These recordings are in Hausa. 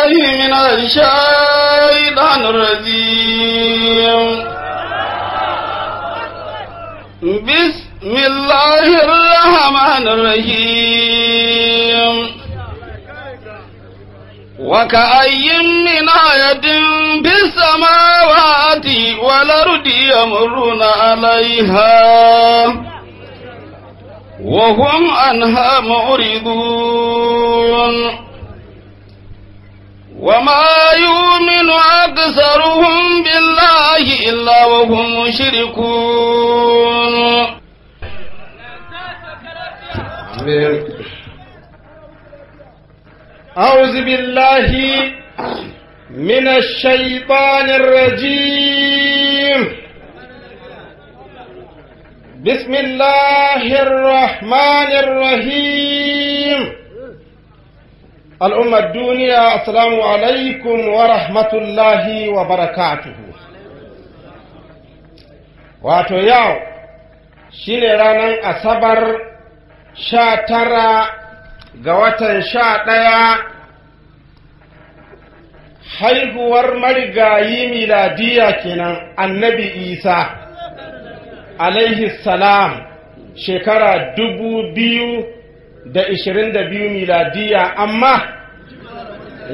الله من الشيطان الرجيم بسم الله الرحمن الرحيم وكأي من آية في السماوات والأرض يمرون عليها وهم عنها معرضون وما يؤمن أكثرهم بالله إلا وهم مشركون أعوذ بالله من الشيطان الرجيم بسم الله الرحمن الرحيم al'ummar duniya assalamu alaikum wa rahmatullahi wa barakatuhu wato yau shine ranar asabar sha tara ga watan sha ɗaya haihuwar marigayi miladiya kenan annabi isa alaihi salam shekara dubu biyu da ishirin da biyu miladiya amma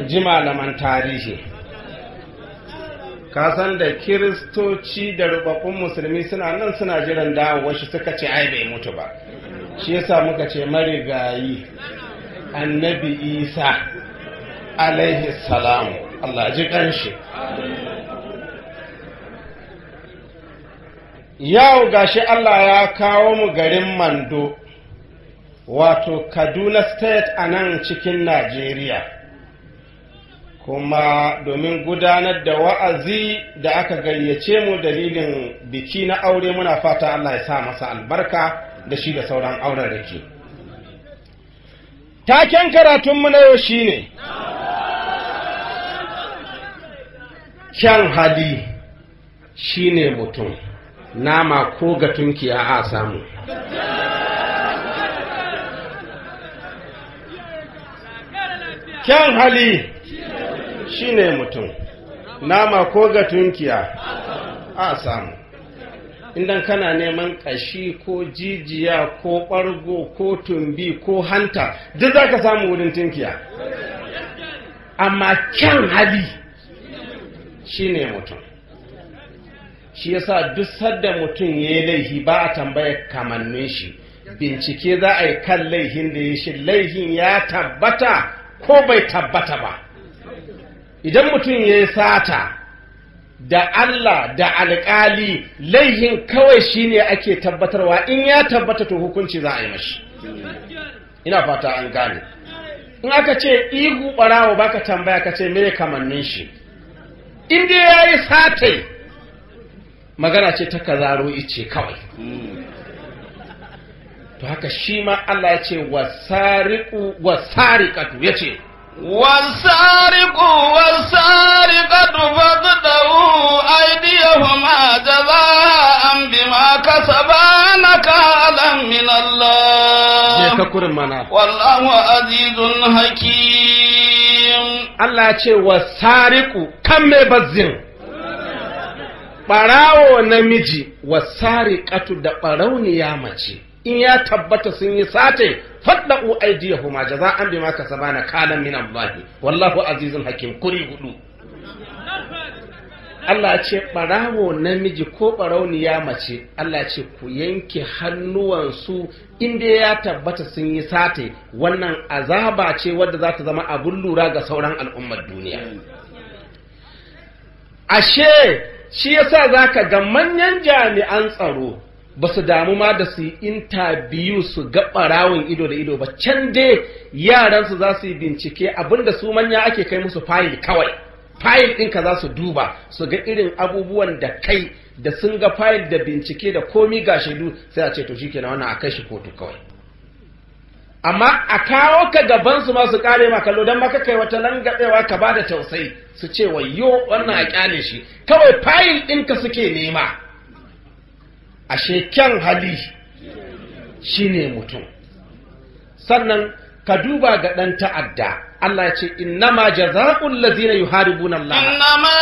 ji malaman tarihi kasan da kiristoci da rubabbun musulmi suna nan suna jiran dawo shi suka ce ai bai mutu ba shi yasa muka ce marigayi annabi isa alaihi salamu allah ji kanshi yau gashi allah ya kawo mu garin mando wato kaduna state a nan cikin najeriya kuma domin gudanar da wa'azi da aka gayyace mu dalilin biki na aure muna fata allah ya sa masa albarka da shi da sauran auren rike taken karatunmu na yau shine kyan hali shine mutum nama ko ga a samu kyan hali shine mutum nama ko ga tunkiya a samu idan kana neman ƙashi ko jijiya ko ɓargo ko tumbi ko hanta duk za ka samu wurin tunkiya amma kyan hali shine mutum shi yasa duk sadda mutum ya yi laihi ba a tambaya kamannin shi bincike za a yi kan laihin da ya shi laihin ya tabbata ko bai tabbata ba idan mutum ya yi sata da Allah da alƙali laihin kawai shine ake tabbatarwa in ya tabbata to hukunci za a yi mashi ina fata an gane in aka ce ihu ɓarawa baka tambaya ka ce mere kamannin shi in ya yi satai magana ce ta kazaro ice kawai to haka shi ma Allah ya ce wasariku wasariqatu ya ce wasariku wasariqatu faqdu aydiyahuma jazaan bima kasabana kalam min Allah je ka mana wallahu azizun hakim Allah ya ce wasariku kan me bazzin ɓarawo namiji wasariƙatu da ɓarauniya mace in ya tabbata sun yi sate fadda'u aydiyahuma jaza'an bima kasabana kalan min Allah wallahu azizun hakim kuri hudu Allah ce ɓarawo namiji ko ɓarauniya mace Allah ce ku yanke hannuwansu inda ya tabbata sun yi sate wannan azaba ce wadda za ta zama abun lura ga sauran al'ummar duniya ashe shi yasa zaka ga manyan jami'an tsaro ba su damu ma da su intabiyu su ga ɓarawun ido da ido ba can dai yaransu za su yi bincike abinda su manya ake kai musu fayil kawai fayil ɗinka za su duba su ga irin abubuwan da kai da sun ga fayil da bincike da komi ga shaidu sai a ce to shi na wannan a kai shi kotu kawai amma a kawo ka gabansu ma su kare ma kallo don maka kai wata langabewa ka ba da tausayi su ce wayo wannan a kyale shi kawai fayil ɗinka suke nema ashe kyan hali shine mutum sannan ka duba ga ɗan ta'adda Allah ya ce innama jazaa'ul ladina yuharibuna Allah innama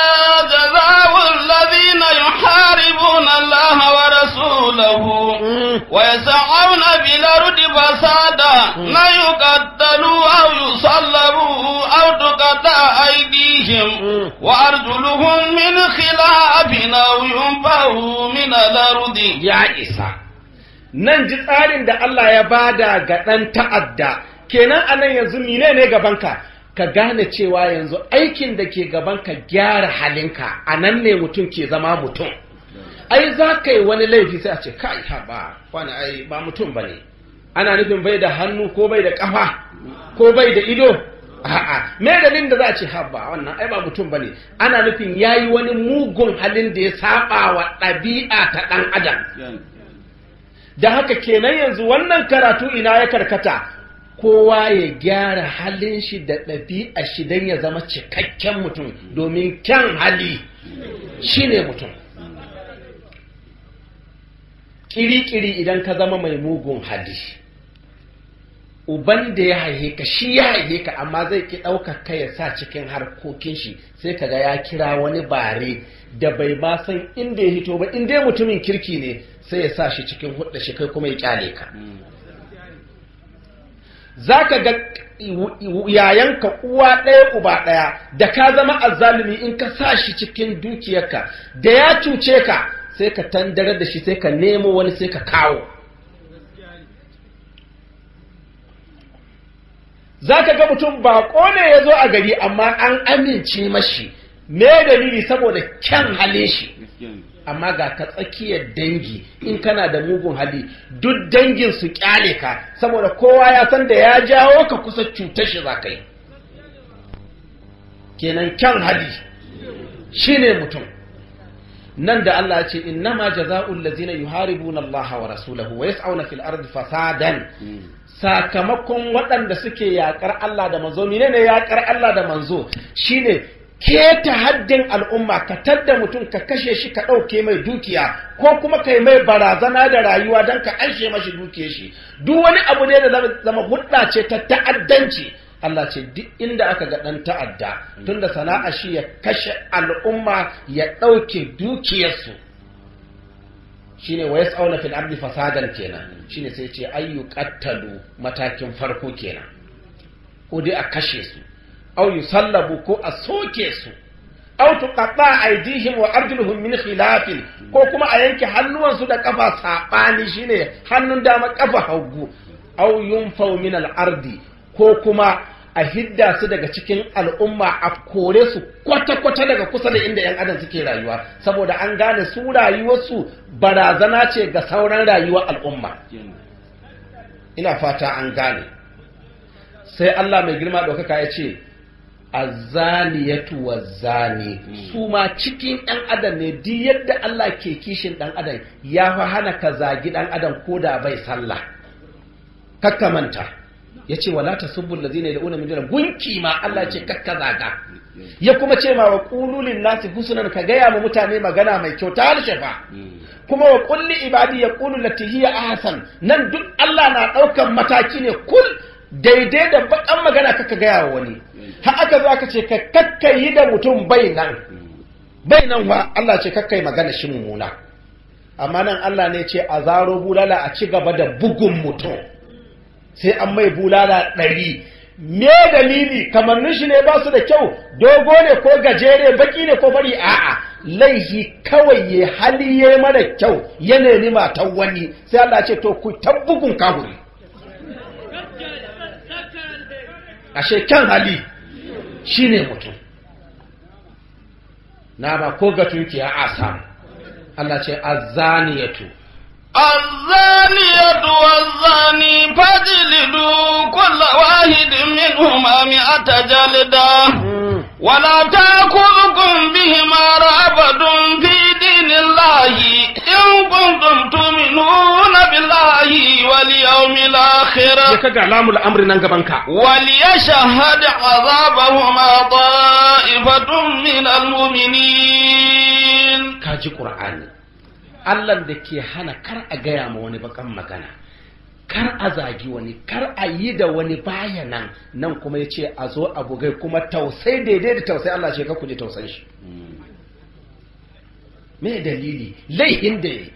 jazaa'ul ladina yuharibuna Allah wa rasulahu hmm. wa yas'auna bil ardi fasada la hmm. yuqaddalu aw yusallabu aw tuqata aydihim hmm. wa arjuluhum min khilafin aw yunfahu min al ardi ya isa nan ji tsarin da Allah ya bada ga dan ta'adda kenan anan yanzu mine ne gabanka ka gane cewa yanzu aikin da ke gabanka gyara halinka a nan ne mutum ke zama mutum ai za ka yi wani laifi sai a ce kai ha ba wani ai ba mutum ba ne ana nufin bai da hannu ko bai da kafa ko bai da ido a'a me dalilin da za a ce ha ba wannan ai ba mutum ba ne ana nufin ya yi wani mugun halin da ya saba wa ɗabi'a ta ɗan adam da haka kenan yanzu wannan karatu ina ya karkata kowa ya gyara halin shi da ɗabi'a shi don ya zama cikakken mutum domin kyan hali shi ne mutum ƙiri idan ka zama mai mugun hali uban da ya haihe ka shi ya haihe ka amma zai ki ɗaukar ka ya sa cikin harkokin shi sai kaga ya kira wani bare da bai ba san inda ya hito ba inda mutumin kirki ne sai ya sa shi cikin hudda shi kai kuma ya kyale ka mm. za ka ga yayanka uwa ɗaya uba ɗaya da ka zama azalimi in ka sa shi cikin dukiyarka da ya cuce ka sai ka tandare da shi sai ka nemo wani sai ka kawo za ka ga mutum baƙo ne ya zo a gari amma an amince mashi me dalili saboda kyan hale shi amma ga ka tsakiyar dangi in kana da mugun hali duk dangin su kyale ka saboda kowa ya san da ya jawo ka kusa cutar shi za ka yi kenan kyan hali shi ne mutum nan da Allah ce in nama jaza'ul lazina yuharibu na Allah wa rasulahu wa yas'auna fil ardi fasadan sakamakon waɗanda suke yaƙar Allah da manzo menene yakar Allah da manzo shine keta haddin al'umma ka tadda mutum ka kashe shi ka ɗauke mai dukiya ko kuma ka yi mai barazana da rayuwa don ka anshe mashi dukiya shi duk wani abu ne da zama hudda ce ta ta'addanci Allah ce duk inda aka ga ɗan ta'adda da sana'a shi ya kashe al'umma ya ɗauke dukiyarsu ne wa yas'auna fil ardi fasadan kenan Shi ne sai ce ayyu matakin farko kenan ko dai a kashe su aw sallabu ko a soke su aw tuqatta aydihim wa arjuluhum min khilaf ko kuma a yanke hannuwansu da kafa saɓani shine hannun dama kafa hagu aw yunfaw ardi ko kuma a hidda su daga cikin al'umma a kore su kwata-kwata daga kusa da inda 'yan adam suke rayuwa saboda an gane su rayuwarsu barazana ce ga sauran rayuwar al'umma ina fata an gane sai Allah mai girma ɗaukaka ya ce azaniyatu wazani hmm. su ma cikin ɗan adam ne duk yadda Allah ke kishin ɗan adam ya fa hana ka zagi ɗan adam ko da bai sallah kakkamanta ya ce wala ta subbul zina da una min gunki ma Allah ce kakka zaga ya kuma ce ma wa qululin nasi husnan ka gaya ma mutane magana mai kyau ta harshe hmm. kuma wa ƙulli ibadi yaqulu lati hiya ahsan nan duk Allah na ɗaukan mataki ne kul daidai da bakan magana kaka gaya wa wani har aka zo aka ce ka kakkayi da mutum bai nan bai nan wa Allah ce kakkai magana shi mummuna amma nan Allah ne ce a zaro bulala a ci gaba da bugun mutum sai an mai bulala ɗari me dalili kamar shi ne ba su da kyau dogo ne ko gajere baki ne ko bari a'a laihi kawai ya hali ya mara kyau ya nemi matan wani sai Allah ce to ku tabbugun kaburi ashe kyan hali ne mutum na ba ko ga ki ya asa, Allah ce azzaniyatu azzaniyatu wazzani fajlidu kullu wahidin minhuma mi'ata jalda hmm. wala bihi mara abadun fi دين الله إن كنتم تؤمنون بالله واليوم الآخر لام الأمر ننقبنك وليشهد عذابهما طائفة من المؤمنين كاجي قرآن Allah da ke hana kar a gaya ma wani bakan magana kar a zagi wani kar a yi da wani bayanan nan kuma ya ce a zo a bugai kuma tausai daidai da tausai Allah ce ka kuje tausai shi me dalili laihin da yi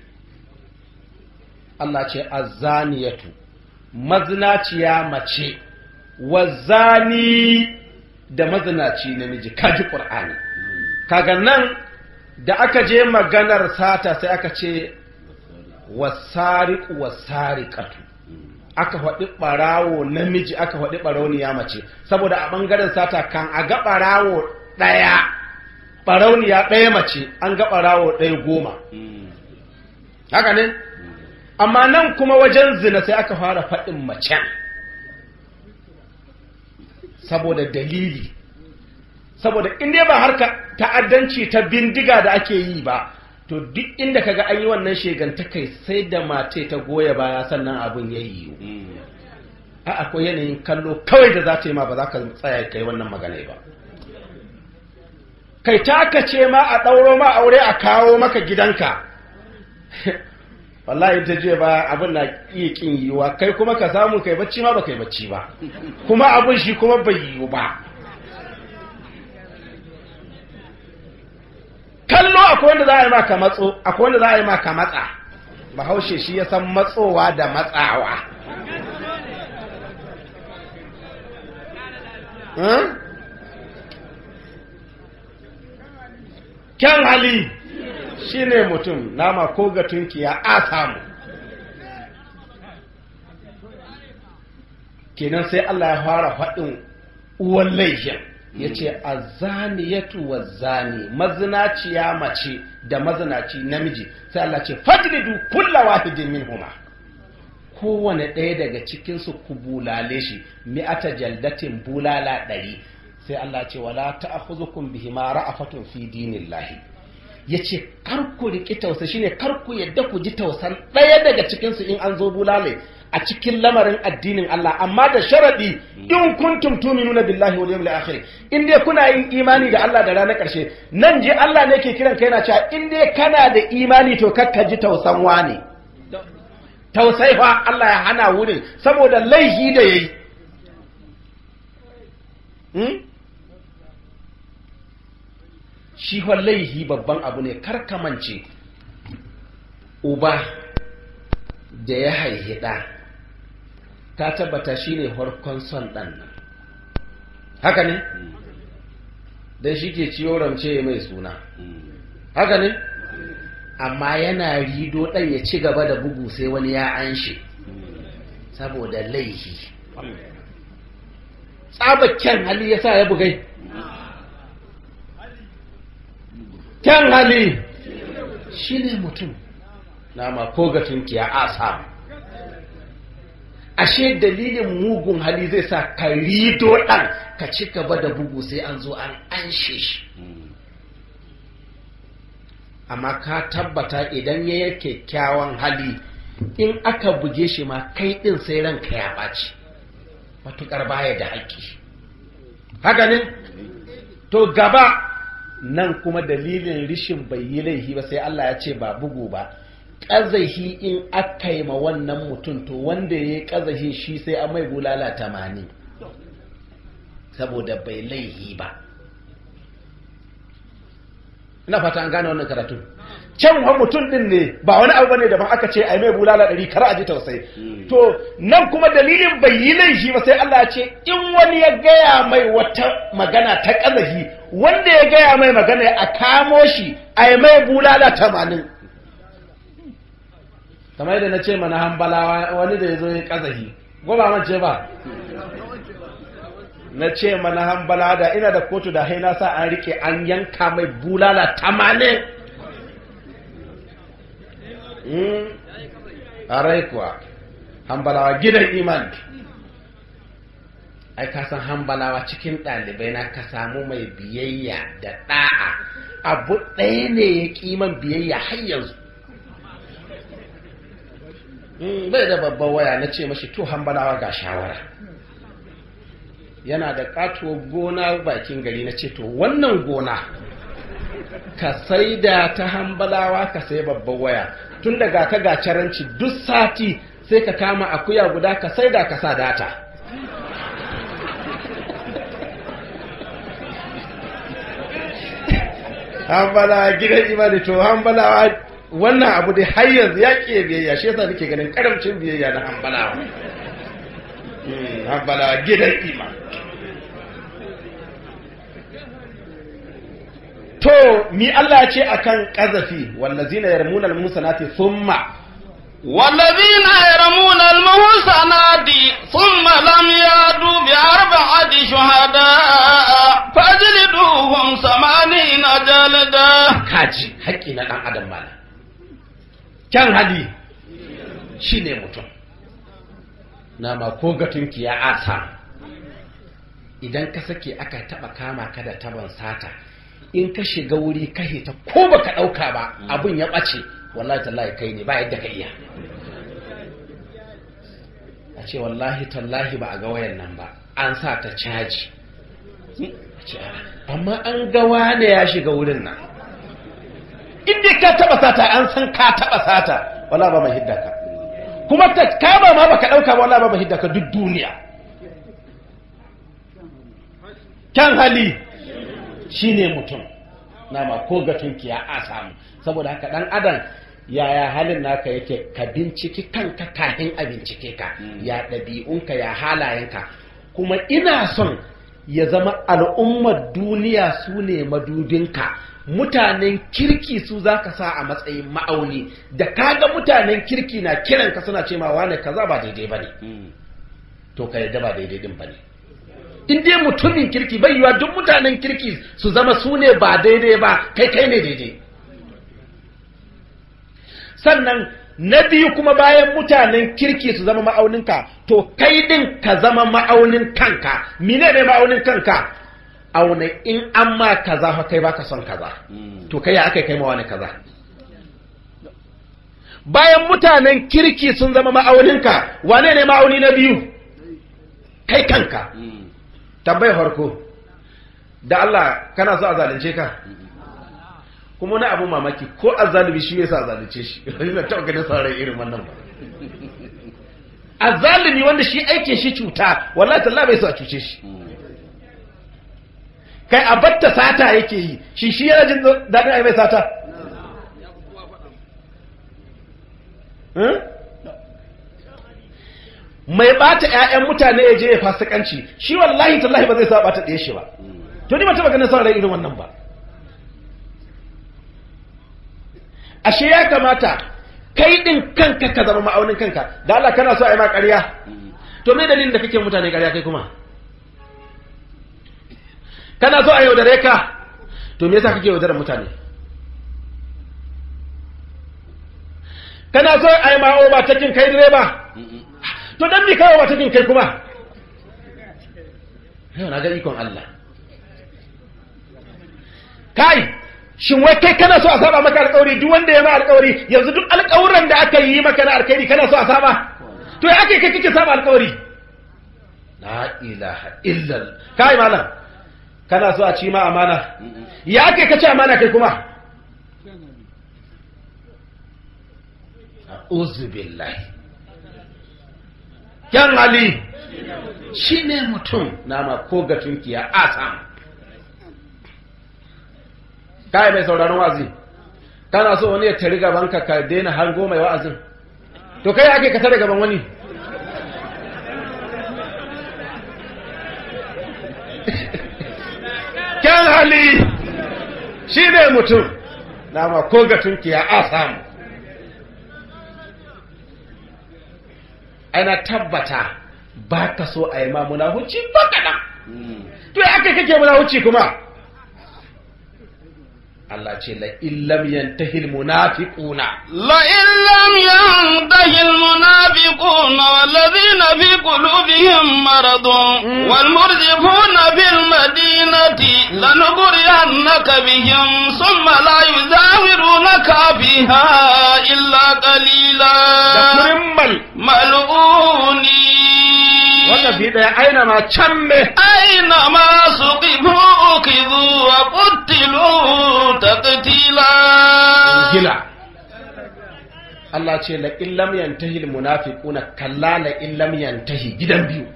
Allah ce azzaniyatu mazinaciya mace wa zani da mazinaci namiji kaji qur'ani kaga nan da aka je maganar sata sai aka ce wasariqu wasariqatu aka faɗi ɓarawo namiji aka faɗi ɓarauniya mace saboda a ɓangaren sata kan a ga ɓarawo ɗaya ya ɗaya mace an ga ɓarawo ɗaya goma hmm. haka ne hmm. amma nan kuma wajen zina sai aka fara faɗin macen saboda dalili saboda inda ba harka ta'addanci ta bindiga da ake yi ba to duk inda kaga an yi wannan kai sai da mate ta goya baya sannan abin ya yi hmm. a akwai yanayin kallo kawai da za ta yi ma ba za ka tsaya kai wannan magana ba kai taka ce ma a ɗauro ma aure a kawo maka gidanka wallahi ta je ba abin na iya kin yiwuwa kai kuma ka samu kai bacci ma ba kai bacci ba kuma abin shi kuma bai yiwu ba kallo akwai wanda za a yi ka matso akwai wanda za a yi ka matsa bahaushe shi ya san matsowa da matsawa kyan hali shi ne mutum nama ko ga ya a samu kenan sai Allah ya fara faɗin uwan laifin ya ce a zaniyatu wa zani mazinaciya mace da mazinaci namiji sai Allah ce fajridu kulla wahidin min huma kowane ɗaya daga cikinsu ku bulale shi mi'ata jaldatin bulala ɗari sai Allah ce wala ta'khuzukum bihima ra'afatun fi dinillahi yace kar ku riki tausa shine kar ku yadda ku ji tausan daya daga cikin su in an zo bulale a cikin lamarin addinin Allah amma da sharadi in kuntum tuminuna billahi wal yawmil akhir in dai kuna yin imani da Allah da ranar karshe nan je Allah ne ke kiran kai yana cewa in dai kana da imani to kakka ji tausan wani tausai fa Allah ya hana wurin saboda laihi da yayi hmm? shi laihi babban abu ne karkamance uba da ya haihi ɗa ta tabbata shi ne harkon son ɗan nan haka ne don shi ke ciyo ramce mai suna haka ne amma yana rido ɗan ya ci gaba da bugu sai wani ya an shi saboda laihi tsabakken hali ya sa ya bugai kyan hali shi ne mutum na mako ga tunkiya a asa, ashe dalilin mugun hali zai sa ka rido ɗan ka ci gaba da bugu sai an zo an an shi amma ka tabbata idan ya yake kyakkyawan hali in aka buge shi ma kai ɗin sai ranka ya ɓaci matuƙar baya da haƙƙi haka ne to gaba nan kuma dalilin rishin bai yi laihi ba sai Allah ya ce ba bugu ba ƙazahi in aka yi ma wannan mutum to wanda ya yi ƙazahi shi sai an mai bulala tamani saboda bai laihi ba ina fata an gane wannan karatun can wa mutum din ne ba wani abu bane da ba aka ce ai mai bulala ɗari kar a ji tausayi hmm. to nan kuma dalilin bai yi ba sai Allah ya ce in wani ya gaya mai wata magana ta kazahi wanda ya gaya mai magana a kamo shi ai mai bulala tamanin kamar yadda na ce mana hambalawa wani da ya zo ya kazahi goma man ce ba na ce mana hanbalawa da ina da kotu da haina sa an rike an yanka mai bulala tamanin Hmm? a rai kuwa hambalawa gidan iman ai ka san hambalawa cikin ɗalibai na ka samu mai biyayya da ɗa'a abu ɗaya ne ya kiman biyayya har yanzu hmm, bai da babban waya na ce mashi to hambalawa ga shawara yana da katuwar gona bakin gari na ce to wannan gona ka sai da ta hambalawa ka sai babban waya tun da gata gacaranci duk sati sai ka kama akuya guda ka sai da ka sa data hambala gidan imani to hambalawa wannan abu da har yanzu ya ke biyayya shi yasa nake ganin karamcin biyayya na hambalawa hmm, hambalawa gidan imani to mi Allah ce akan ƙazafi wallazina yarmuna al-musanati thumma wallazina yarmuna al-musanati thumma lam yadu bi arba'ati shuhada fajliduhum samanina jalada kaji haƙi na dan adam mala kan hadi shine mutum nama ko gatunki ya asa idan ka sake aka taba kama ka da taban sata in ka shiga wuri ka hita ko baka ɗauka ba mm. abin ya ɓace wallahi tallahi kai ne ba yadda ka iya a ce wallahi tallahi ba a ga wayan nan ba an sa ta caji ah, amma an ga wane ya shiga wurin nan inda ka taba sata an san ka taba sata wala ba mai hidda ka kuma ta kama ma baka dauka ba wala ba mai hidda ka duk duniya Kan hali Shi ne mutum nama ko ga ya a samu saboda haka dan adam yaya halin naka yake ka binciki kanka kafin a bincike ka hmm. ya ɗabi'unka ya halayenka kuma ina son ya zama al'ummar duniya su ne madubinka mutanen kirki su za ka sa a matsayin ma'auni da kaga mutanen kirki na kiranka suna ce ma wane kaza ba daidai ba ne hmm. to ka yarda ba daidai din ba ne in dai mutumin kirki bai yiwa duk mutanen kirki su zama su ne ba daidai ba kai kai ne daidai sannan na biyu kuma bayan mutanen kirki su zama ma'auninka to kai din ka zama ma'aunin kanka mine ne ma'aunin kanka auna in an ma kaza fa kai baka son kaza hmm. to kai ya aka kai ma wani kaza bayan mutanen kirki sun zama ma'auninka wane ne ma'auni na biyu kai kanka hmm. tabbai farko da Allah kana so a zalunce ka kuma na abu mamaki ko azzalumi shi yasa zalunce shi ina ta ganin sauran irin wannan ba azzalumi wanda shi aikin shi cuta wallahi tallahi bai so a cuce shi kai a batta sata yake yi shi shi yana jin daɗin ai mai sata hmm? mai bata ƴaƴan mutane ya je ya fasikanci shi wallahi tallahi ba zai saba ta ɗaya shi ba to ni ba taɓa ganin son irin wannan ba ashe ya kamata kai din kanka ka zama ma'aunin kanka da Allah kana so a yi ma ƙarya to me dalilin da kake mutane ƙarya kai kuma kana so a yaudare ka to me yasa kake yaudare mutane kana so a yi ma'o ba kin kai direba to dan mi kawo wata kai kuma na ga ikon Allah kai shin wai kai kana so a saba maka alƙawari duk wanda ya ma alƙawari yanzu duk alƙawuran da aka yi maka na alƙairi kana so a saba to ya ake kai kike saba alƙawari la ilaha illa kai malam kana so a ci ma amana ya ake kace amana kai kuma a'udhu billahi kyan ali shi ne mutum nama ko ga tunkiya asam kai mai sauraron wazi kana so wani ya tari gaban ka ka daina hango mai wa'azin to kai ake ka tare gaban wani kyan hali shi ne mutum nama ko ga tunkiya asam ana tabbata ba ka so a yi ma munahuci ba kaɗan mm. to ya aka kake munahuci kuma الله چه لا إلّم ينتهي المنافقون لا لم ينتهي المنافقون والذين في قلوبهم مرض والمرجفون في المدينة لنبرئنك بهم ثم لا يزاورونك بها إلا قليلا مالؤوني wakafi ɗaya aina ma can me aina ma su kibu kibu wa kuttilu taqtila gila Allah ce la in yantahi al munafiquna kalla la in yantahi gidan biyu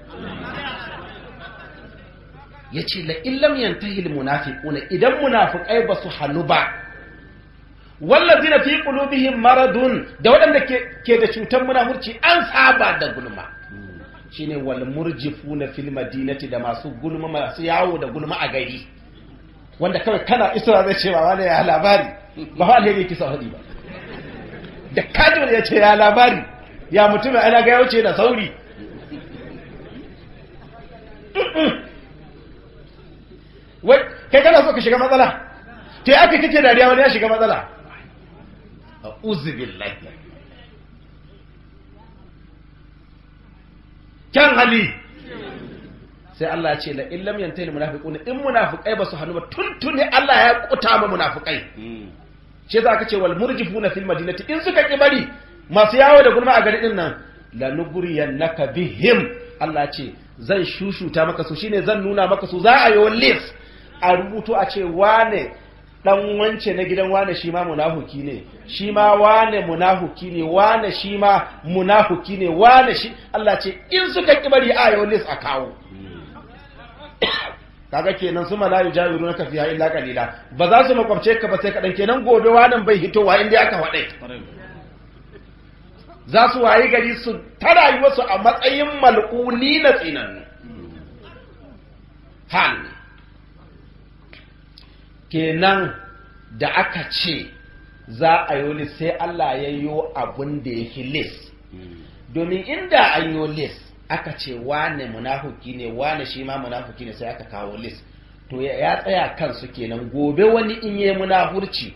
yace la in yantahi al munafiquna idan munafiqai ba su halu ba wallazina fi qulubihim maradun da waɗanda ke da cutar munafurci an saba da gulma shine wal murjifuna fil madinati da masu gulma masu yawo da gulma a gari wanda kawai kana isra zai ce ba wani ya labari ba fa alheri kisa hadi ba da kaji ya ce ya labari ya mutum ana ga yauce da sauri wai kai kana so ka shiga matsala te aka kike dariya wani ya shiga matsala a uzubillahi kyan hali sai Allah ya ce la in yantai munafiquna in munafiqai basu hanu ba tuntuni Allah ya kuta ma munafiqai shi za ka ce wal murjifuna fil madinati in suka ki bari masu yawo da gurma a gari din nan la yanaka bihim Allah ya ce zan shushuta maka su shine zan nuna maka su za a yi list a rubuto a ce wane dan wance na gidan wane shi ma munafuki ne shi ma wane munafuki ne wane shi ma munafuki ne wane shi Allah ce in suka ki bari ayo lis a kawo kaga kenan su malayu jawiru na kafiya illa kalila ba za su makwabce ka ba sai kadan kenan gobe wadan bai hitowa inda aka faɗe za su wayi gari su ta su a matsayin mal'uni na tsinan. hali kenan da aka ce za a yi sai Allah ya yi abin da ya fi lis domin inda an yi lis aka ce wane munafuki ne wane shi ma munafuki ne sai aka kawo lis to ya tsaya kansu kenan gobe wani in yi munafurci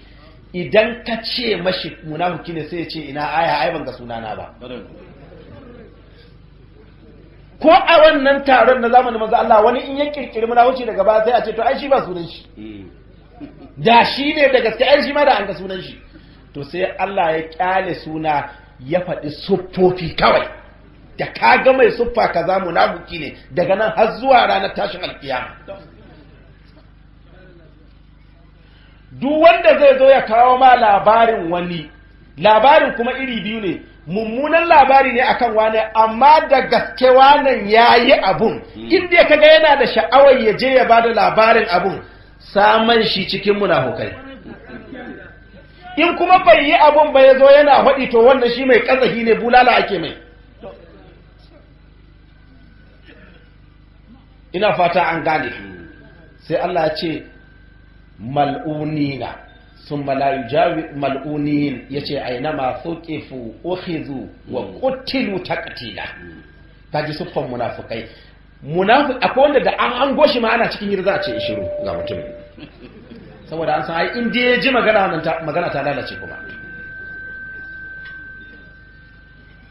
idan ka ce mashi munafuki ne sai ce ina aya ai ban ga sunana ba ko a wannan taron na zamanin maza Allah wani in ya kirkiri munafuci daga baya sai a ce to ai shi ba sunan shi mm. da shi ne da gaske ai shi ma da an ga sunan shi to sai Allah ya kyale suna ya faɗi suffofi kawai da ka ga mai siffa kaza munafiki ne daga nan har zuwa ranar tashin alkiyama duk wanda zai zo ya kawo ma labarin wani labarin kuma iri biyu ne mummunan labari ne akan wane amma da gaske wanan yayi abun hmm. inda ga yana da sha'awar ya je ya bada labarin abun saman shi cikin munafukai in kuma bai yi abun ba ya zo yana haɗi to wanda shi mai ƙazahi ne bulala ake mai ina fata an gane sai Allah ya ce mal'unina sun malayu jawi mal'unin ya ce aina masu ƙifu ohizu wa ƙutilu ta ƙatila ta ji siffan munafukai munafik akwai wanda da an an goshi ma ana cikin hira za a ce shiru ga mutum saboda an san ai in dai ji magana ta magana ta lalace kuma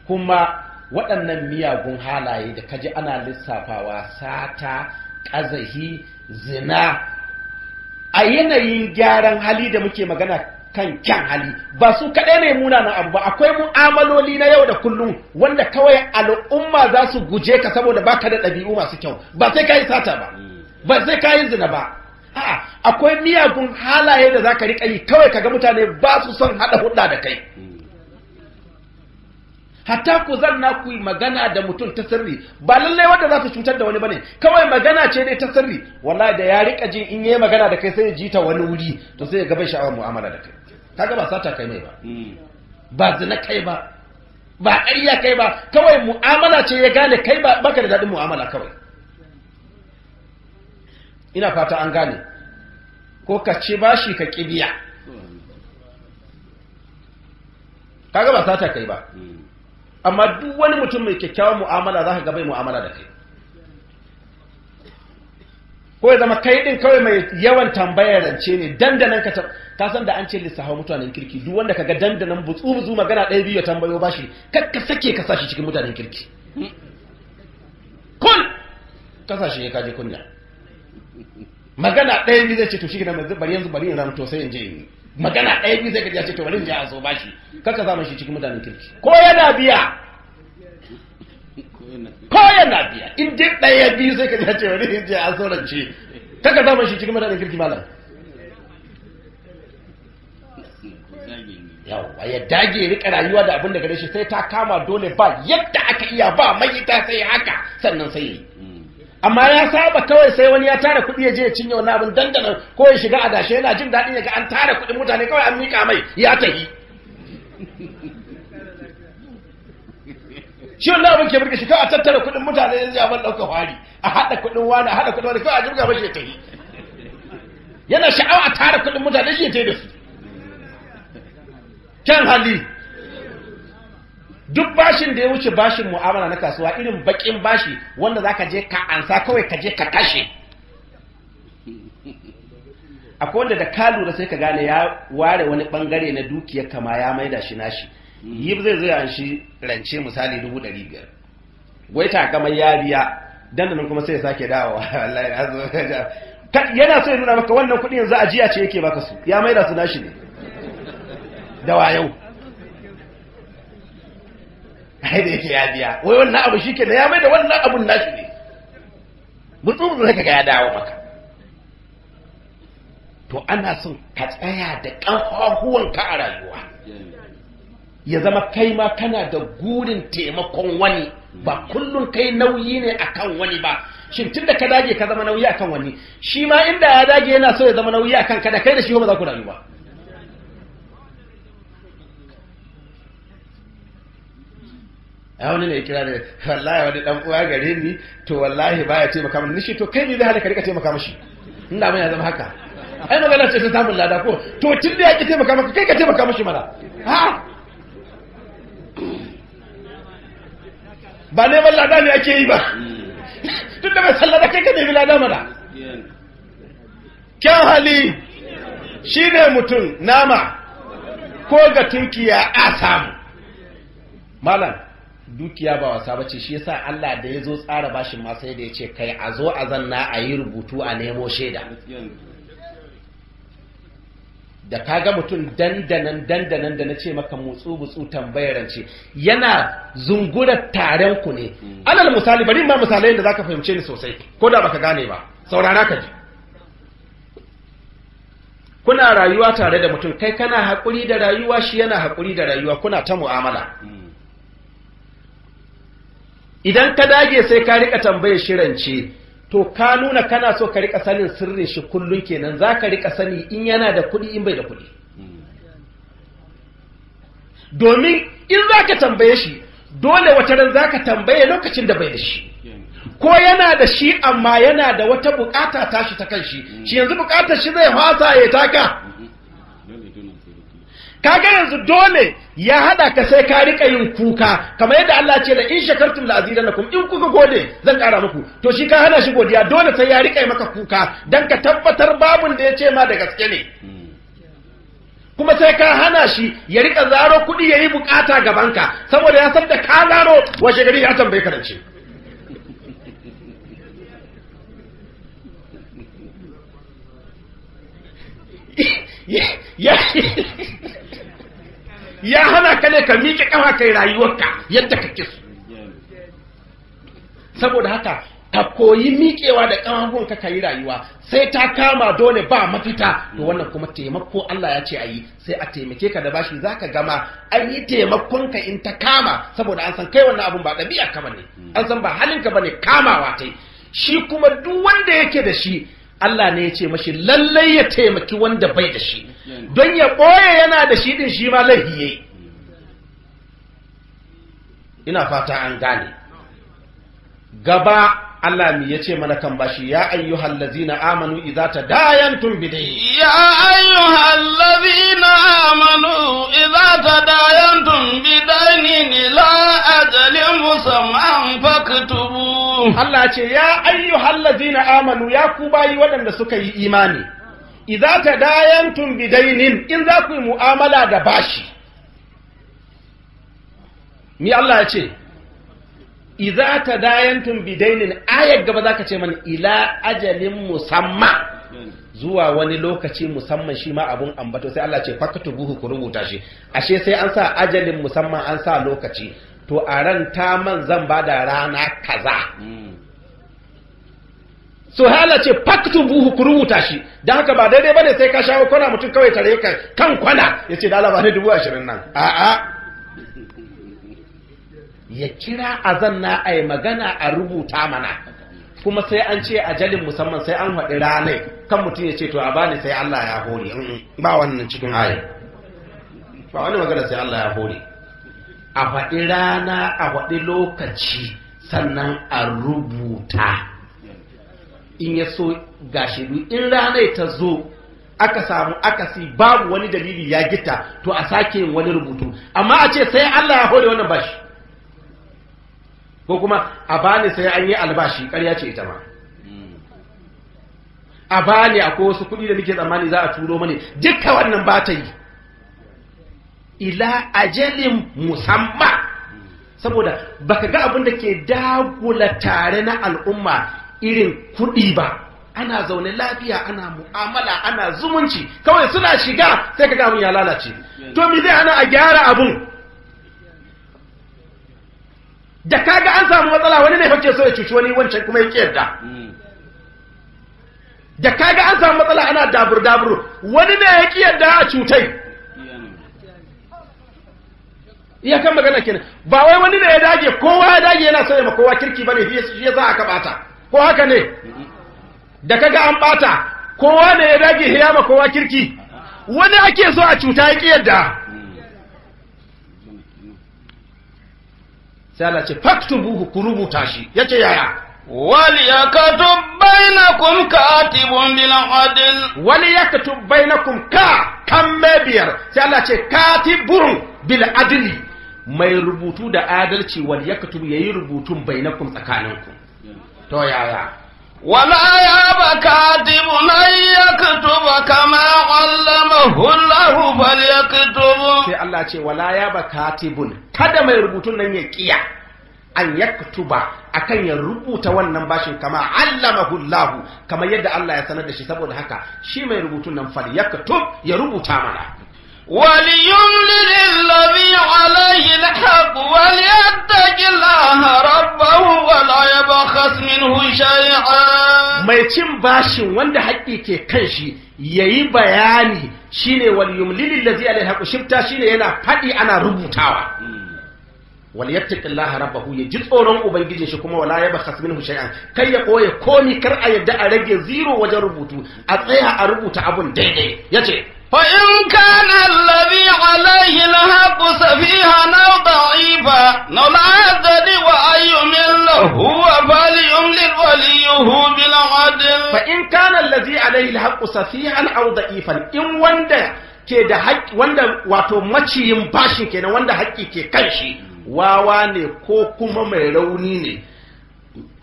kuma waɗannan miyagun halaye da kaji ana lissafawa sata ƙazahi zina a yanayin gyaran hali da muke magana kan kyan hali ba su kaɗai ne munanan abu ba akwai mu'amaloli na yau da kullum wanda kawai al'umma za su guje ka saboda baka da ɗabi'u masu kyau ba sai ka yi sata ba ba sai ka yi zina ba a'a akwai miyagun halaye da za ka riƙa yi kawai ka ga mutane ba su son haɗa hulɗa da kai hatta ku zanna ku magana da mutum ta sirri ba lallai wanda za su cutar da wani bane kawai magana ce dai ta sirri wallahi da ya rika jin in yayi magana da kai sai ya ji ta wani wuri to sai ya ga bai sha'awar mu'amala da kai kaga ba sata kai mai ba hmm. ba zina kai ba ba ƙarya kai ba kawai mu'amala ce ya gane kai ba baka da dadin mu'amala kawai ina fata an gane ko ka ci bashi ka kibiya kaga ba sata kai ba hmm. amma duk wani mutum mai kyakkyawan mu'amala za ka gabai mu'amala da kai ko ya zama kai din kawai mai yawan tambayar rance ne dandanan ka ta san da an ce lissafa mutanen kirki duk wanda ka ga dandanan butsu butsu magana ɗaya biyu ya tambayo bashi kar ka sake ka sashi cikin mutanen kirki kun kasashe ya kaji kunya magana ɗaya biyu zai ce to shi mai zubar yanzu bari in ran to sai in je in yi magana ɗaya biyu zai gajiya ce to wani jiya je a so shi kaka zama shi cikin mutanen kirki ko yana biya ko yana biya in dai ɗaya biyu zai gajiya ce wani jiya a so rance kaka zama shi cikin mutanen kirki malam yawa ya dage rika rayuwa da abin da gare shi sai ta kama dole ba yadda aka iya ba mai ita sai haka sannan sai yi amma ya saba kawai sai wani ya tara kuɗi ya je ya cinye wani abin dandanan ko ya shiga a dashe yana jin daɗin ya ga an tara kuɗin mutane kawai an miƙa mai ya tahi shi wannan abin ke burge shi kawai a tattara kuɗin mutane ya zai abin ɗauka fari a haɗa kuɗin wani a haɗa kuɗin wani kawai a jirga mashi ya tahi yana sha'awa a tara kuɗin mutane shi ya tahi da su kyan hali duk bashin da ya wuce bashin mu'amala na kasuwa irin bakin bashi wanda zaka je ka ansa kawai ka je ka kashe akwai wanda da ka lura sai ka gane ya ware wani bangare na dukiyar kama ya maida shi nashi yi zai zai an shi rance misali dubu ɗari biyar wai ta kamar ya biya dandamin kuma sai ya sake dawowa yana so ya nuna maka wannan kuɗin yanzu ajiya ce yake baka su ya maida su nashi ne da wayau kai da yake ya biya wai wannan abu shi da ya mai wannan abun nashi ne ya dawo maka to ana son ka tsaya da ka a rayuwa ya zama kai ma kana da gurin taimakon wani ba kullum kai nauyi ne akan wani ba shin tun da ka dage ka zama nauyi akan wani shi ma inda ya dage yana so ya zama nauyi akan ka da kai da shi ba za ku rayu ba a wani ne kira da wallahi wani dan uwa gare ni to wallahi baya ce maka mun shi to kai ne zai halaka rika ce maka mashi ina mun ya zama haka ai magana ce ta samun lada ko to tun da yake ce taimaka maka kai ka taimaka mashi mana ha ba neman lada ne ake yi ba tun da bai sallada kai ka nemi lada mana kyan hali shine mutum nama ko ga tunki a samu malam dukiya ba wasa ba ce shi yasa Allah da ya zo tsara bashin ma sai da ya ce kai a zo a zanna a yi rubutu a nemo shaida da ka ga mutum dandanan dandanan da na ce maka mutsu butsu tambayarance yana zungura taren ku ne mm. alal misali bari ma misalai da zaka fahimce ni sosai ko da baka gane ba saurara ka ji kuna rayuwa tare da mutum kai kana haƙuri da rayuwa shi yana haƙuri da rayuwa kuna ta mu'amala mm. idan ka dage sai ka rika tambayar rance to ka nuna kana so ka rika sanin sirrin shi kullun kenan za ka rika sani in yana da kuɗi in bai da kuɗi domin in za ka tambaye shi dole wata ran za ka tambaye lokacin da bai da shi ko yana da shi amma yana da wata bukata tashi ta kan shi shi yanzu bukatar shi zai fasa ya taka Ka ga yanzu dole ya hada ka sai ka rika yin kuka kamar yadda Allah ce da in shakartum la azidanakum in kuka gode zan kara muku to shi ka hana shi godiya dole sai ya rika maka kuka dan ka tabbatar babun da ya ce ma da gaske ne kuma sai ka hana shi ya rika zaro kudi yayi bukata gabanka saboda ya san da ka zaro washe gari ya tambaye ka dace yeah, yeah. ya hana ka ne ka miƙe kafa kai rayuwarka yadda kake so saboda haka ka koyi miƙewa da ƙafafunka ka yi rayuwa sai ta kama dole ba mafita to wannan kuma taimako Allah ya ce a yi sai a taimake ka da bashi za ka gama an yi taimakonka in ta kama saboda an san kai wannan abun ba ɗabi'a ka bane an san ba halinka bane kamawa ta shi kuma duk wanda yake da shi Allah ne ya ce mashi lallai ya taimaki wanda bai da shi don ya ɓoye yana da shi ɗin shi ma lahiye ina fata an gane gaba Allah mi yace mana kan bashi ya hallazi na amanu dayan tun bide ya hallazi na amanu idza ni bidainin ila ajalin musamman faktubu Allah ce ya hallazi na amanu ya ku bayi waɗanda suka yi imani idza tadayantum bidainin in za ku yi mu'amala da bashi Ni Allah ya ce idza tadayantum bidainin ayat gaba zaka ce mana ila ajalin musamma zuwa wani lokaci musamman shi ma abun ambato sai Allah ce buhu ku rubuta shi ashe sai an sa ajalin musamman an sa lokaci to a ran ta man zan bada rana kaza hala ce buhu ku rubuta shi Don haka ba daidai bane sai ka shawo kwana mutum kawai tare ka kan kwana Ya da Allah ba ne ashirin nan a'a ya kira azanna yi magana a rubuta mana kuma sai an ce ajalin musamman sai an haɗi ranai kan mutum ya ce to a bani sai Allah ya hore mm, ba wannan cikin ayi ba wani magana sai Allah ya hore a haɗi rana a haɗi lokaci sannan a rubuta in ya so ga in ranar ta zo aka samu akasi babu wani dalili ya gita to a sake wani rubutu amma a ce sai Allah ya hore wannan bashi ko kuma a bani sai an yi albashi ƙarya ce ita ma a bani akwai wasu kuɗi da nake tsammani za a turo mani dukkan wannan ba ta yi ila ajalin musamman saboda baka ga abin da ke dagula tare na al'umma irin kuɗi ba ana zaune lafiya ana mu'amala ana zumunci kawai suna shiga sai ka abin ya lalace to mi zai hana a gyara abun da kaga an samu matsala wani ne fake so ya cuci wani wancan kuma yake yarda da kaga an samu matsala ana dabur dabur wani ne ya ƙi yarda a cutai iya kan magana kenan ba wai wani ne ya dage kowa ya dage yana so ya ma kowa kirki bane shi ya za a kabata ko haka ne da kaga an bata kowa ne ya dage hiyama kowa kirki wani ake so a cuta ya ki yadda sai ce ce faktubuhu ku rubuta shi yace yaya وليكتب بينكم كاتب بالعدل وليكتب بينكم ka kan mebiyar. sai ce ce katibun bil adli mai rubutu da adalci ya kato ya yayi rubutun bainakum tsakaninku to yaya wala ya baka dibunan ya ba kama allamahu Allahu bal yaktubu sai Allah ce wala ya baka tibun kada mai rubutun nan ya kiya an yaktuba akan ya rubuta wannan bashin kama allamahu Allahu kamar yadda Allah ya sanar da shi saboda haka shi mai rubutun nan fal yaktub ya rubuta mana وليملل الذي عليه الحق وليتق الله ربه ولا يبخس منه شيئا mai cin bashin wanda haƙƙi ke kan shi ya yi bayani shi shine wal yumlil allazi alayhi haqu shifta ne yana faɗi ana rubutawa wal yattaqillaha rabbahu ya ji tsoron ubangijin shi kuma wala yabkhas minhu shay'an kai ya koya komi kar a yadda a rage zero wajen rubutu a tsaya a rubuta abun daidai ya ce. فإن كان الذي عليه الحق سفيها أو ضعيفا نو لا يدري وأي من هو فليملل وليه بالعدل فإن كان الذي عليه الحق سفيها أو ضعيفا إن وندى كيدا حق وندى واتو ماتشي يمباشي كيدا وندى حق كي كيشي واواني كوكوما ميلونيني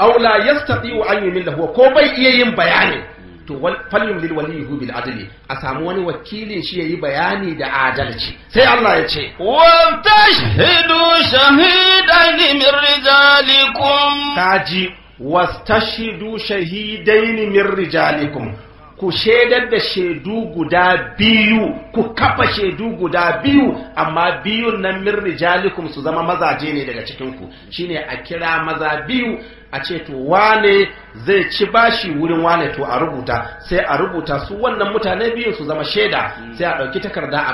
أو لا يستطيع أن يمله هو كوبي يمبياني to falyum lil waliyhu bil adli a samu wani wakilin shi yayi bayani da adalci sai Allah ya ce wa tashhidu shahidan min rijalikum taji wastashhidu shahidain min rijalikum ku shaidar da shaidu guda biyu ku kafa shaidu guda biyu amma biyun nan min rijalikum su zama mazaje ne daga cikin ku shine a kira maza biyu a ce to wane zai ci bashi wurin wane to a rubuta sai a rubuta su wannan mutane biyun su zama shaida sai a ɗauki takarda a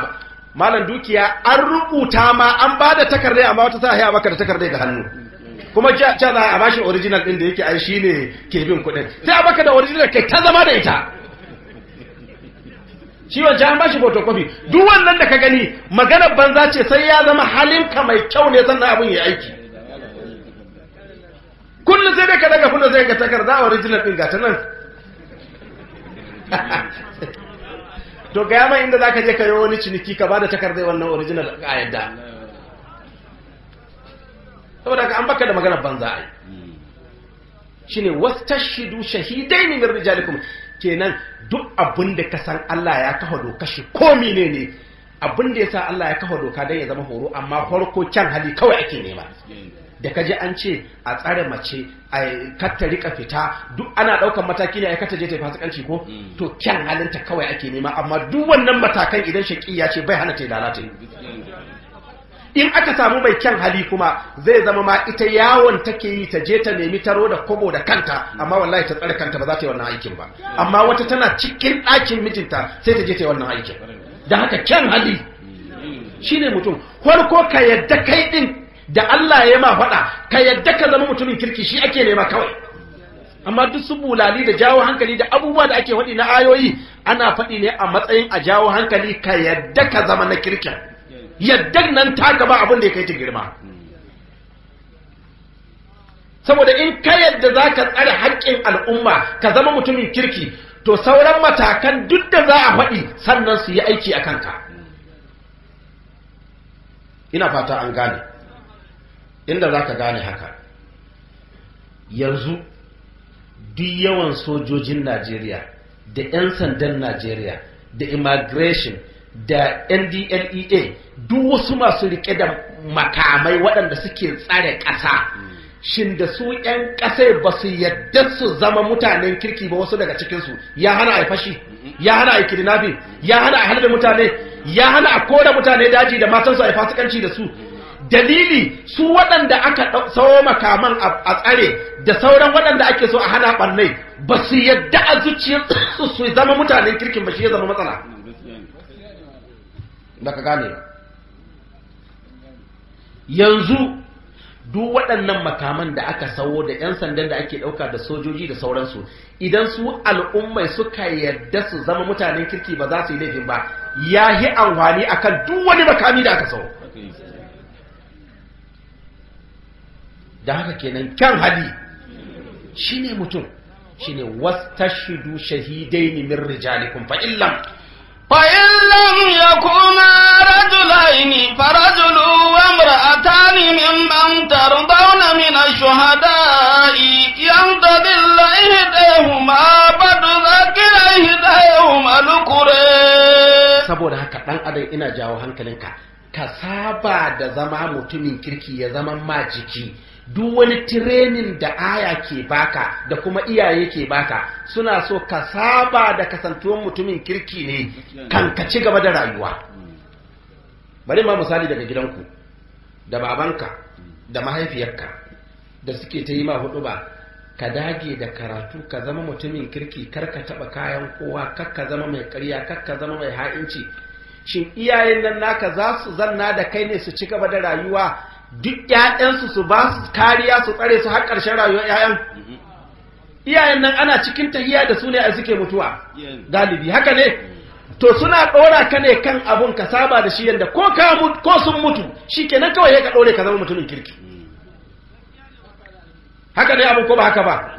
malam dukiya an rubuta ma an ba da takardai amma wata sa a baka da takardai da hannu kuma ja za a bashi original din da yake ai ne ke bin kuɗin sai a baka da original kai ta zama da ita shi wa bashi photocopy duk wannan da ka gani magana banza ce sai ya zama halinka mai kyau ne sannan abin ya aiki kullum sai dai ka daga kullum sai ga takarda a original ɗin gata nan to ga yamma inda za ka je ka yi wani ciniki ka ba da takardai wannan original a yadda saboda ka an baka da magana banza a yi shi ne wastashidu shahidai ne min rijalikum kenan duk abin da ka san Allah ya kafa doka shi ko ne ne abin da ya sa Allah ya kafa doka don ya zama horo amma farko can hali kawai ake nema da ka ji an ce a tsare mace a katta rika fita duk ana daukan mataki ne a kata je ta fasikanci ko mm. to kyan halinta kawai ake nema amma duk wannan matakan idan ya ce bai hana ta lalata in aka samu mai kyan hali kuma zai zama ma ita yawon take yi ta je ta nemi taro da kobo da kanta amma wallahi ta tsare kanta ba za ta yi wannan aikin ba amma wata tana cikin ɗakin mijinta sai ta je ta yi wannan aikin da haka kyan hali mm. shine mutum farko ka yadda kai ɗin. da Allah ya ma faɗa ka yadda ka zama mutumin kirki shi ake nema kawai amma duk su bulali da jawo hankali da abubuwa da ake faɗi na ayoyi ana faɗi ne a matsayin a jawo hankali ka yadda ka zama na kirkin yadda nan ta gaba abin da ya kai ta girma saboda in ka yadda za ka tsare haƙƙin al'umma ka zama mutumin kirki to sauran matakan duk da za a faɗi sannan su yi aiki a kanka ina fata an gane inda za ka gane haka yanzu duk yawan sojojin najeriya da 'yan sandan najeriya da immigration da ndlea duk wasu masu rike da makamai waɗanda suke tsare ƙasa shin da su 'yan ƙasai ba su yadda su zama mutanen kirki ba wasu daga cikinsu ya hana a fashi ya hana a kidnapping ya hana a halbe mutane ya hana a kora mutane daji da matansu a fasikanci da su dalili su waɗanda aka tsawo makaman a tsare da sauran waɗanda ake so a hana ɓarnai ba su yadda a zuciyarsu su zama mutanen kirkin ba shi ya zama matsala da ka gane yanzu duk waɗannan makaman da aka sawo da 'yan sandan da ake ɗauka da sojoji da sauransu idan su al'ummai suka yadda su zama mutanen kirki ba za su yi laifin ba ya yi amfani akan duk wani makami da aka sawo da haka kenan kyan hali shine mutum shine wastashidu ne min rijalikum fa illam fa illam yakuna rajulaini farajulu wa imra'atani mimman tardawna min ash-shuhada'i yantadil ihdahuma badu zakira ma lukure saboda haka ɗan adam ina jawo hankalinka ka saba da zama mutumin kirki ya zama ma jiki duk wani tirenin da aya ke baka da kuma iyaye ke baka suna so ka saba da kasantuwar mutumin kirki ne kan ka ci gaba da rayuwa bari ma misali daga gidanku da babanka da mahaifiyarka da suke ta yi ma hudu ba ka dage da karatu ka zama mutumin kirki kar ka taba kayan kowa kar ka zama mai karya kar ka zama mai ha'inci shin iyayen nan naka za su zanna da kai ne su ci gaba da rayuwa duk ‘ya'yansu su ba su kariya su tsare su har ƙarshen rayuwar ‘ya'yan iyayen nan ana cikin tahiya da su ne a suke mutuwa galibi haka ne to suna ɗora ka ne kan abun ka saba da shi yadda ko ka ko sun mutu shi kenan kawai ya ka ɗore ka zama mutumin kirki haka ne abun ko ba haka ba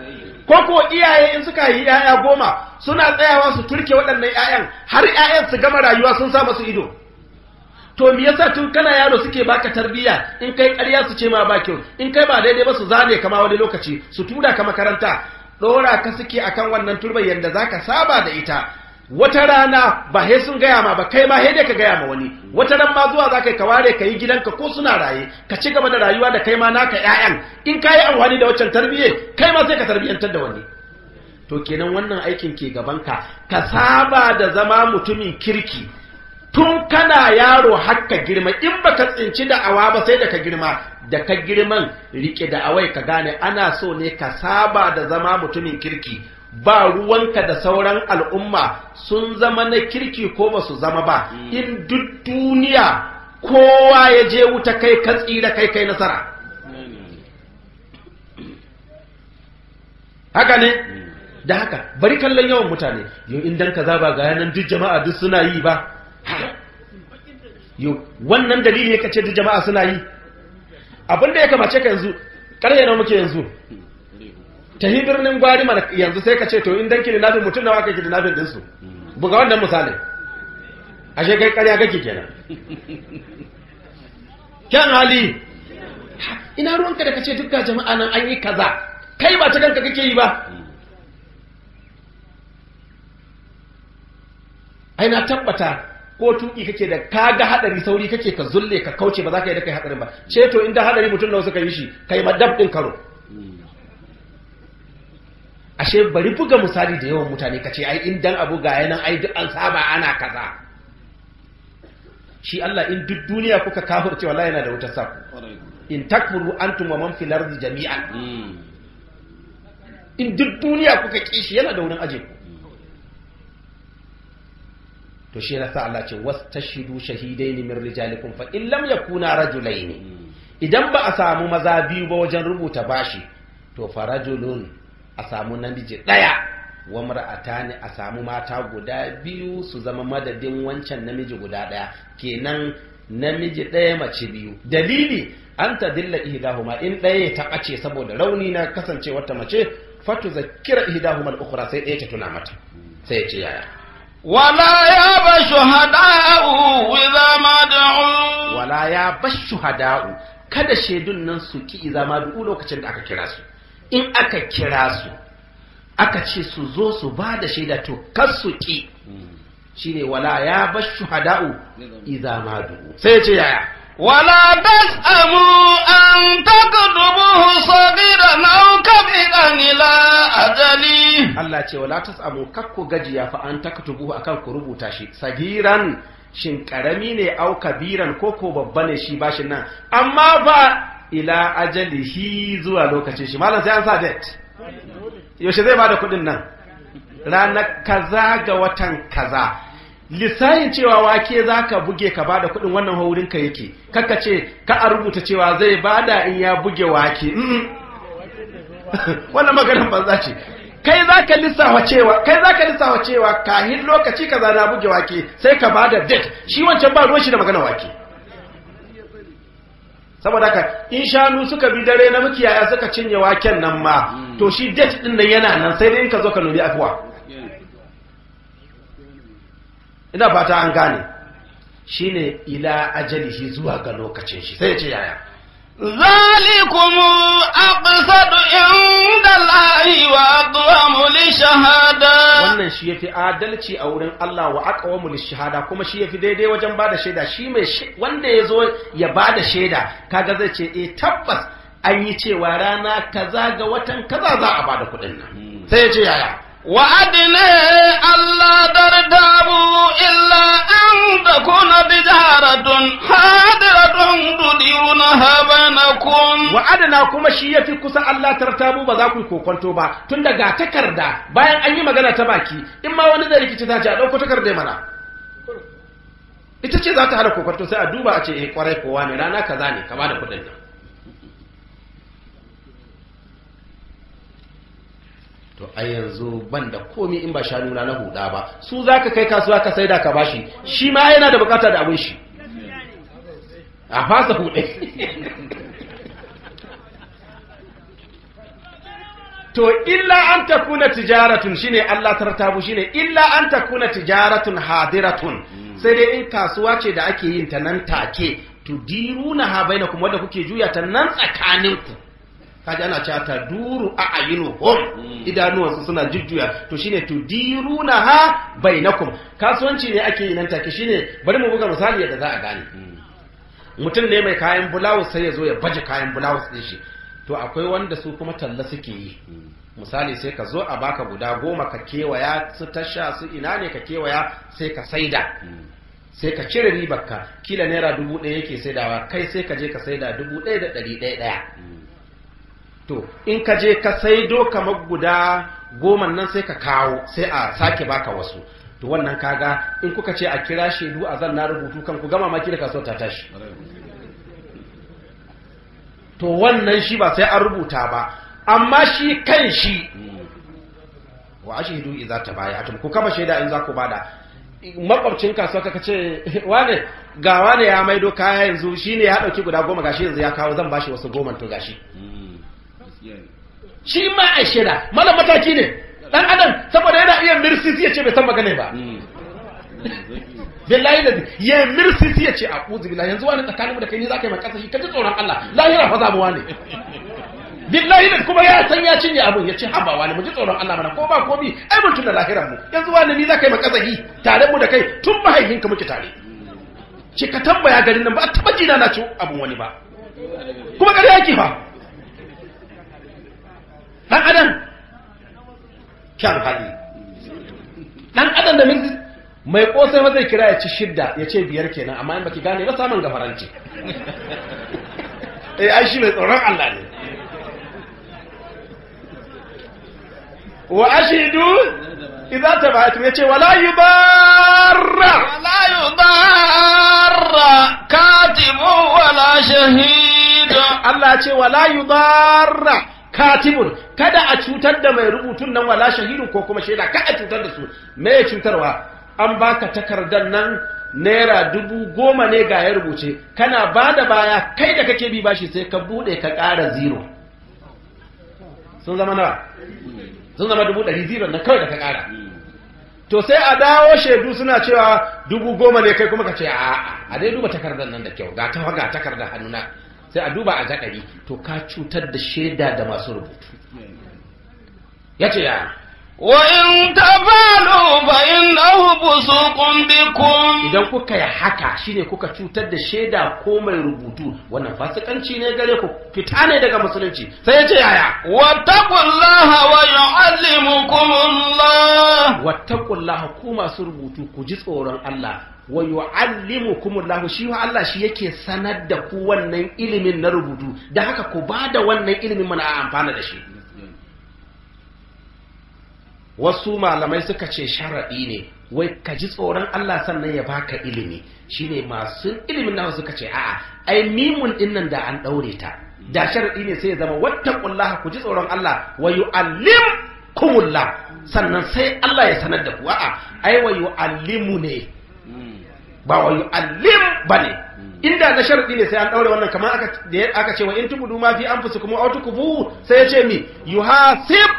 ko ko iyaye in suka yi ‘ya'ya goma suna tsayawa su turke waɗannan ‘ya'yan har ‘ya'yan su gama rayuwa sun sa masu ido to me yasa tun kana yaro suke baka tarbiyya in kai ƙarya su ce ma ba kyau in kai ba daidai ba su zane kama wani lokaci su tura ka makaranta ɗora ka suke akan wannan turban yadda ka saba da ita wata rana ba he sun gaya ma ba kai ma he dai ka gaya ma wani wata ran ma zuwa zaka ka ware ka yi gidanka ko suna raye ka ci gaba da rayuwa da kai ma naka ƴaƴan in ka yi amfani da waccan tarbiyye kai ma sai ka tarbiyantar da wani to kenan wannan aikin ke gaban ka ka saba da zama mutumin kirki tun kana yaro hakka girma in baka tsinci da awa ba sai da ka girma da ka girman rike da awai ka gane ana so ne ka saba da zama mutumin kirki ba ruwanka da sauran al'umma sun zama na kirki ko ba su zama ba mm. in duk duniya kowa ya je wuta kai ka tsira kai kai nasara haka ne mm. da haka bari kallon yawan mutane yau in dan ka ga yanan duk jama'a duk suna yi ba wannan dalili ne kace duk jama'a suna yi abinda ya kamace ka yanzu karye na muke yanzu ta yi birnin gwari mana yanzu sai ka ce to in dan kidnapping mutum na kake ke din dinsu buga wannan misali ashe kai karya gake kenan kyan hali ina ruwanka da ka ce dukkan jama'a nan an yi kaza kai ba ta ganka kake yi ba ai na tabbata ko tuki kake da ka ga hadari sauri kake ka zulle ka kauce ba za ka yi da kai hadarin ba ceto inda hadari mutum nawa suka yi shi kai madab din karo ashe bari buga misali da yawan mutane ka ce ai in dan abu ga yanan ai duk an saba ana kaza shi Allah in duk duniya kuka ce wallahi yana da wutar sa in takfuru antum wa man fil ardi jami'an hmm. in duk duniya kuka kishi yana da wurin aje to shi sa Allah ce shahidai shahidaini min rijalikum fa in lam yakuna rajulaini idan ba a samu maza biyu ba wajen rubuta bashi to fa rajulun a samu namiji daya wa mar'atani a samu mata guda biyu su zama madadin wancan namiji guda daya kenan namiji daya mace biyu dalili an ta dilla ihdahuma in daya ta kace saboda rauni na kasancewar ta mace fatu zakira ihdahuma al-ukhra sai daya ta tuna mata sai ya ce yaya ولا ياب الشهداء إذا ما دعوا ولا ياب الشهداء kada shaidun nan su ki iza ma duk lokacin da aka kira su in aka kira su aka ce su zo su ba da shaida to kar su ki shine wala ya bashu hada'u iza ma duk sai ce yaya ولا تسأموا أن تكتبوه صغيرا أو كبيرا إلى أجلي الله يقول ولا تسأموا ككو غجيا فأن تكتبوه أكان كربو تاشي صغيرا shin karami ne au kabiran ko babba ne shi bashin nan amma ba ila ajalihi zuwa lokacin shi malam sai an sa date yaushe zai bada kudin nan ranar kaza ga watan kaza lissayin cewa wake za ka buge ka bada kudin wannan haurin ka yake kaka ce ka a rubuta cewa zai bada in ya buge wake wannan maganin banza ce kai za ka lissawa cewa kai za ka lissawa cewa kahin lokaci kaza na buge wake sai ka bada date shi wancan ba ruwan shi da magana wake saboda haka in shanu suka bi dare na yaya suka cinye waken nan ma to shi date din nan yana nan sai dai in ka zo ka nuri akwa ina fata an gane Shi ne ila ajalihi zuwa ga lokacin shi sai ce yaya ذلكم أقصد عند الله وأقوم للشهادة wannan shi yafi adalci a wurin Allah wa aqwamu lishahada kuma shi yafi daidai wajen bada shaida shi mai wanda yazo ya bada shaida kaga zai ce eh tabbas an yi cewa rana kaza ga watan kaza za a bada kuɗin nan hmm. sai ya ce yaya وأدنى ألا ترتابوا إلا أن تكون تجارة حاضرة تديرونها بينكم وأدنى كما شيء في كسا ألا ترتابوا بذاكو كوكونتو با تندقى دا بايا أني مغانا تباكي إما ونذلك تتاجع لو كتكرد منا ita ce ذات ta hana kokarto sai a duba a ce eh kwarai kowa ne to a yanzu ban da komi in ba shanuna na na huda ba su zaka kai kasuwa ka saida ka bashi shi ma yana da bukata da abin shi a fasa hude to illa an takuna tijaratun shine Allah tartabu shine illa an takuna tijaratun hadiratun sai dai in kasuwa ce da ake yin ta nan take to diruna ha kuma da kuke juya ta nan tsakaninku kaji ana cewa ta duru a ayinu hom idanuwansu suna jujjuya to shine to diru na ha bainakum kasuwanci ne ake yi nan take shine bari mu buga misali yadda za a gane hmm. mutum ne mai kayan bulawus sai ya zo ya baje kayan bulawus din shi to akwai wanda su kuma talla suke yi hmm. misali sai ka zo a baka guda goma ka kewaya su tasha su ina ne ka kewaya sai ka saida hmm. sai ka cire ka kila naira dubu ɗaya yake saidawa kai sai ka je ka saida dubu ɗaya da ɗari daya ɗaya to in ka je ka saido kamar guda goma nan sai ka kawo sai a sake baka wasu to wannan kaga in kuka ce a kira shaidu a zan na rubutu kan ku gama maki da kaso ta tashi to wannan shi ba sai an rubuta ba amma shi kan shi wa ashhidu idza tabayatum ku kama shaida in za ku bada makwabcin kasuwa kaka ce wane ga wane ya maido kaya yanzu shine ya dauki guda goma gashi yanzu ya kawo zan bashi wasu goma to gashi shi ma a shira malam mataki ne dan adam saboda yana iya mirsisi ya ce bai san magana ba hmm. billahi da ya mirsisi ya ce a uzu billahi yanzu wani tsakaninmu da kai ne za yi makasa shi ka ji tsoron Allah lahira fa za mu wane billahi da kuma ya san ya cinye abun ya ce haba wani mu ji tsoron Allah mana ko ba komi ai mun tuna lahiran mu yanzu wani ni zaka yi makasa shi tare mu da kai tun mahaifinka muke tare ce ka tambaya garin nan ba a taba jina na ci abun wani ba kuma kare yaki fa dan adam kyan hali dan adam da minti mai kosai ma zai kira ya ci shidda ya ce biyar kenan amma in baki gane ba samun gafaranci eh ai shi mai tsoron Allah ne wa ashidu idza tabatu yace wala yubarra wala yubarra katibu wala shahida. Allah ce wala yubarra katibun kada a cutar da mai rubutun nan wala shahidun ko kuma shaida ka a cutar da su me cutarwa an baka takardar nan naira dubu goma ne ga ya rubuce kana ba da baya kai da kake bi bashi sai ka bude ka kara zero sun zama nawa sun zama dubu ɗari zero na kawai da ka ƙara to sai a dawo shaidu suna cewa dubu goma ne kai kuma ka ce a a dai duba takardar nan da kyau ga ta ga takardar hannuna sai a duba a gaɗari to ka cutar da shaida da masu rubutu ya ce ya in ta falo in na hubusu kumbikun idan kuka yi haka shine kuka cutar da shaida ko mai rubutu wannan fasikanci ne gare ku fita ne daga musulunci sai ya ce yaya wattaqullaha wa yu'allimukumullah ku masu rubutu ku ji tsoron Allah wa Allah shi wa Allah shi yake sanar da ku wannan ilimin na rubutu da haka ku ba da wannan ilimin mana a amfana da shi wasu malamai suka ce sharaɗi ne wai ka ji tsoron Allah sannan ya baka ilimi shine masu ilimin nawa suka ce a'a ai mimun din nan da an daure ta da sharadi ne sai ya zama wattaqullaha ku ji tsoron Allah wa yu'allim kumulla sannan sai Allah ya sanar da ku a'a ai wa yu'allimu ne ba wa yu'allim bane hmm. inda na sharadi ne sai an ɗaure wannan kamar aka aka ce wa in tubudu ma fi kuma aw tukfu sai ya ce mi yuhasib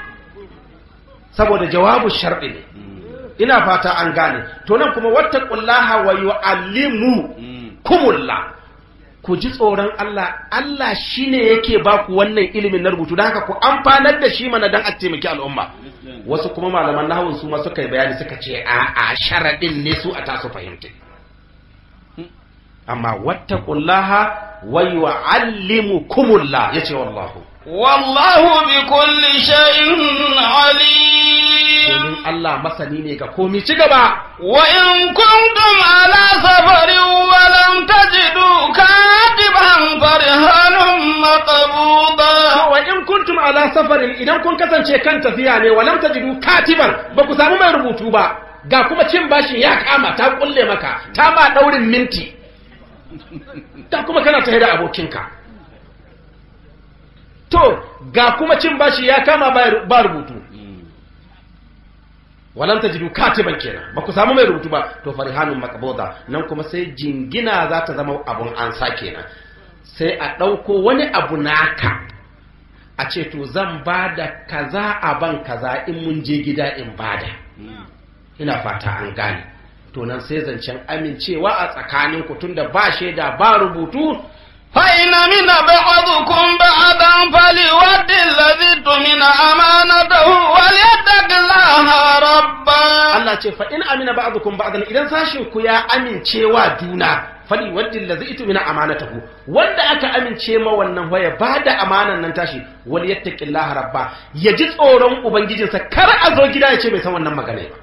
saboda jawabu sharadi ne hmm. ina fata an gane to nan kuma wattaqullaha wa yu'allimu kumulla. Hmm. ku ji tsoron Allah Allah shi ne yake ba ku wannan ilimin na rubutu don haka ku amfanar da shi mana don a taimaki al'umma wasu kuma malaman nahawun su ma suka yi bayani suka ce a a sharaɗin ne su a tasu fahimta amma wata wai wa kumulla, ya ce wallahu wallahu bi kulli shay'in alim domin Allah masani ne ga komi ci gaba wa in kuntum ala safarin wa lam tajidu katiban farhanum maqbuda wa in kuntum ala safarin idan kun kasance kan tafiya ne wa lam tajidu katiban ba ku samu mai rubutu ba ga kuma cin bashin ya kama ta kulle maka ta ma daurin minti ta kuma kana tare da abokinka to ga kuma cin bashi ya kama ba rubutu walam tajidu katiban kenan ba ku samu mai rubutu ba to farihanun maqbuda nan kuma sai jingina za ta zama abun ansa kenan sai a ɗauko wani abu naka a ce to zan ba da kaza a ban kaza in mun je gida in bada ina fata an gane to nan sai zancen amincewa a tsakaninku tunda ba shaida ba rubutu فإن من بعضكم بعضا فليود الذي اؤتمن أمانته وليتق الله ربه الله ce fa in amina ba'dukum ba'dan idan sashin ku ya amincewa juna faɗi wadda allazi itmina amanatahu wanda aka amince ma wannan waya bada amanan nan tashi wal yattaqillaha rabba ya ji tsoron ubangijinsa kar a zo gida ya ce bai san wannan magana ba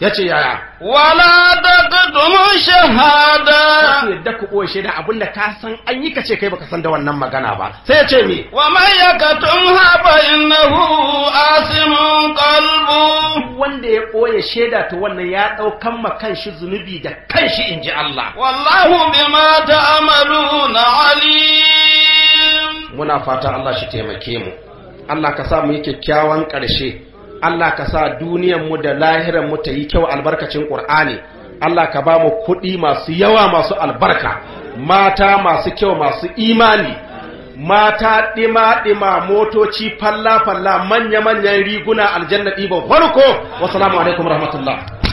ya ce yaya wala da dumun shahada wasu yadda ku ɓoye shaida abinda ka san an yi kace kai baka san da wannan magana ba sai ya ce me wa man yakatun ha fa innahu asimun qalbu wanda ya ɓoye shaida to wannan ya daukan ma kanshi zunubi da kanshi ji Allah wallahu bima ta'maluna alim muna fata Allah shi taimake mu Allah ka sa mu yi kyakkyawan ƙarshe Allah ka sa mu da lahiran mu ta yi kyau albarkacin qur'ani. Allah ka ba mu kuɗi masu yawa masu albarka mata masu kyau masu imani mata ɗima-ɗima motoci falla-falla manya-manyan riguna aljanna ɗiban farko salamu alaikum rahmatullah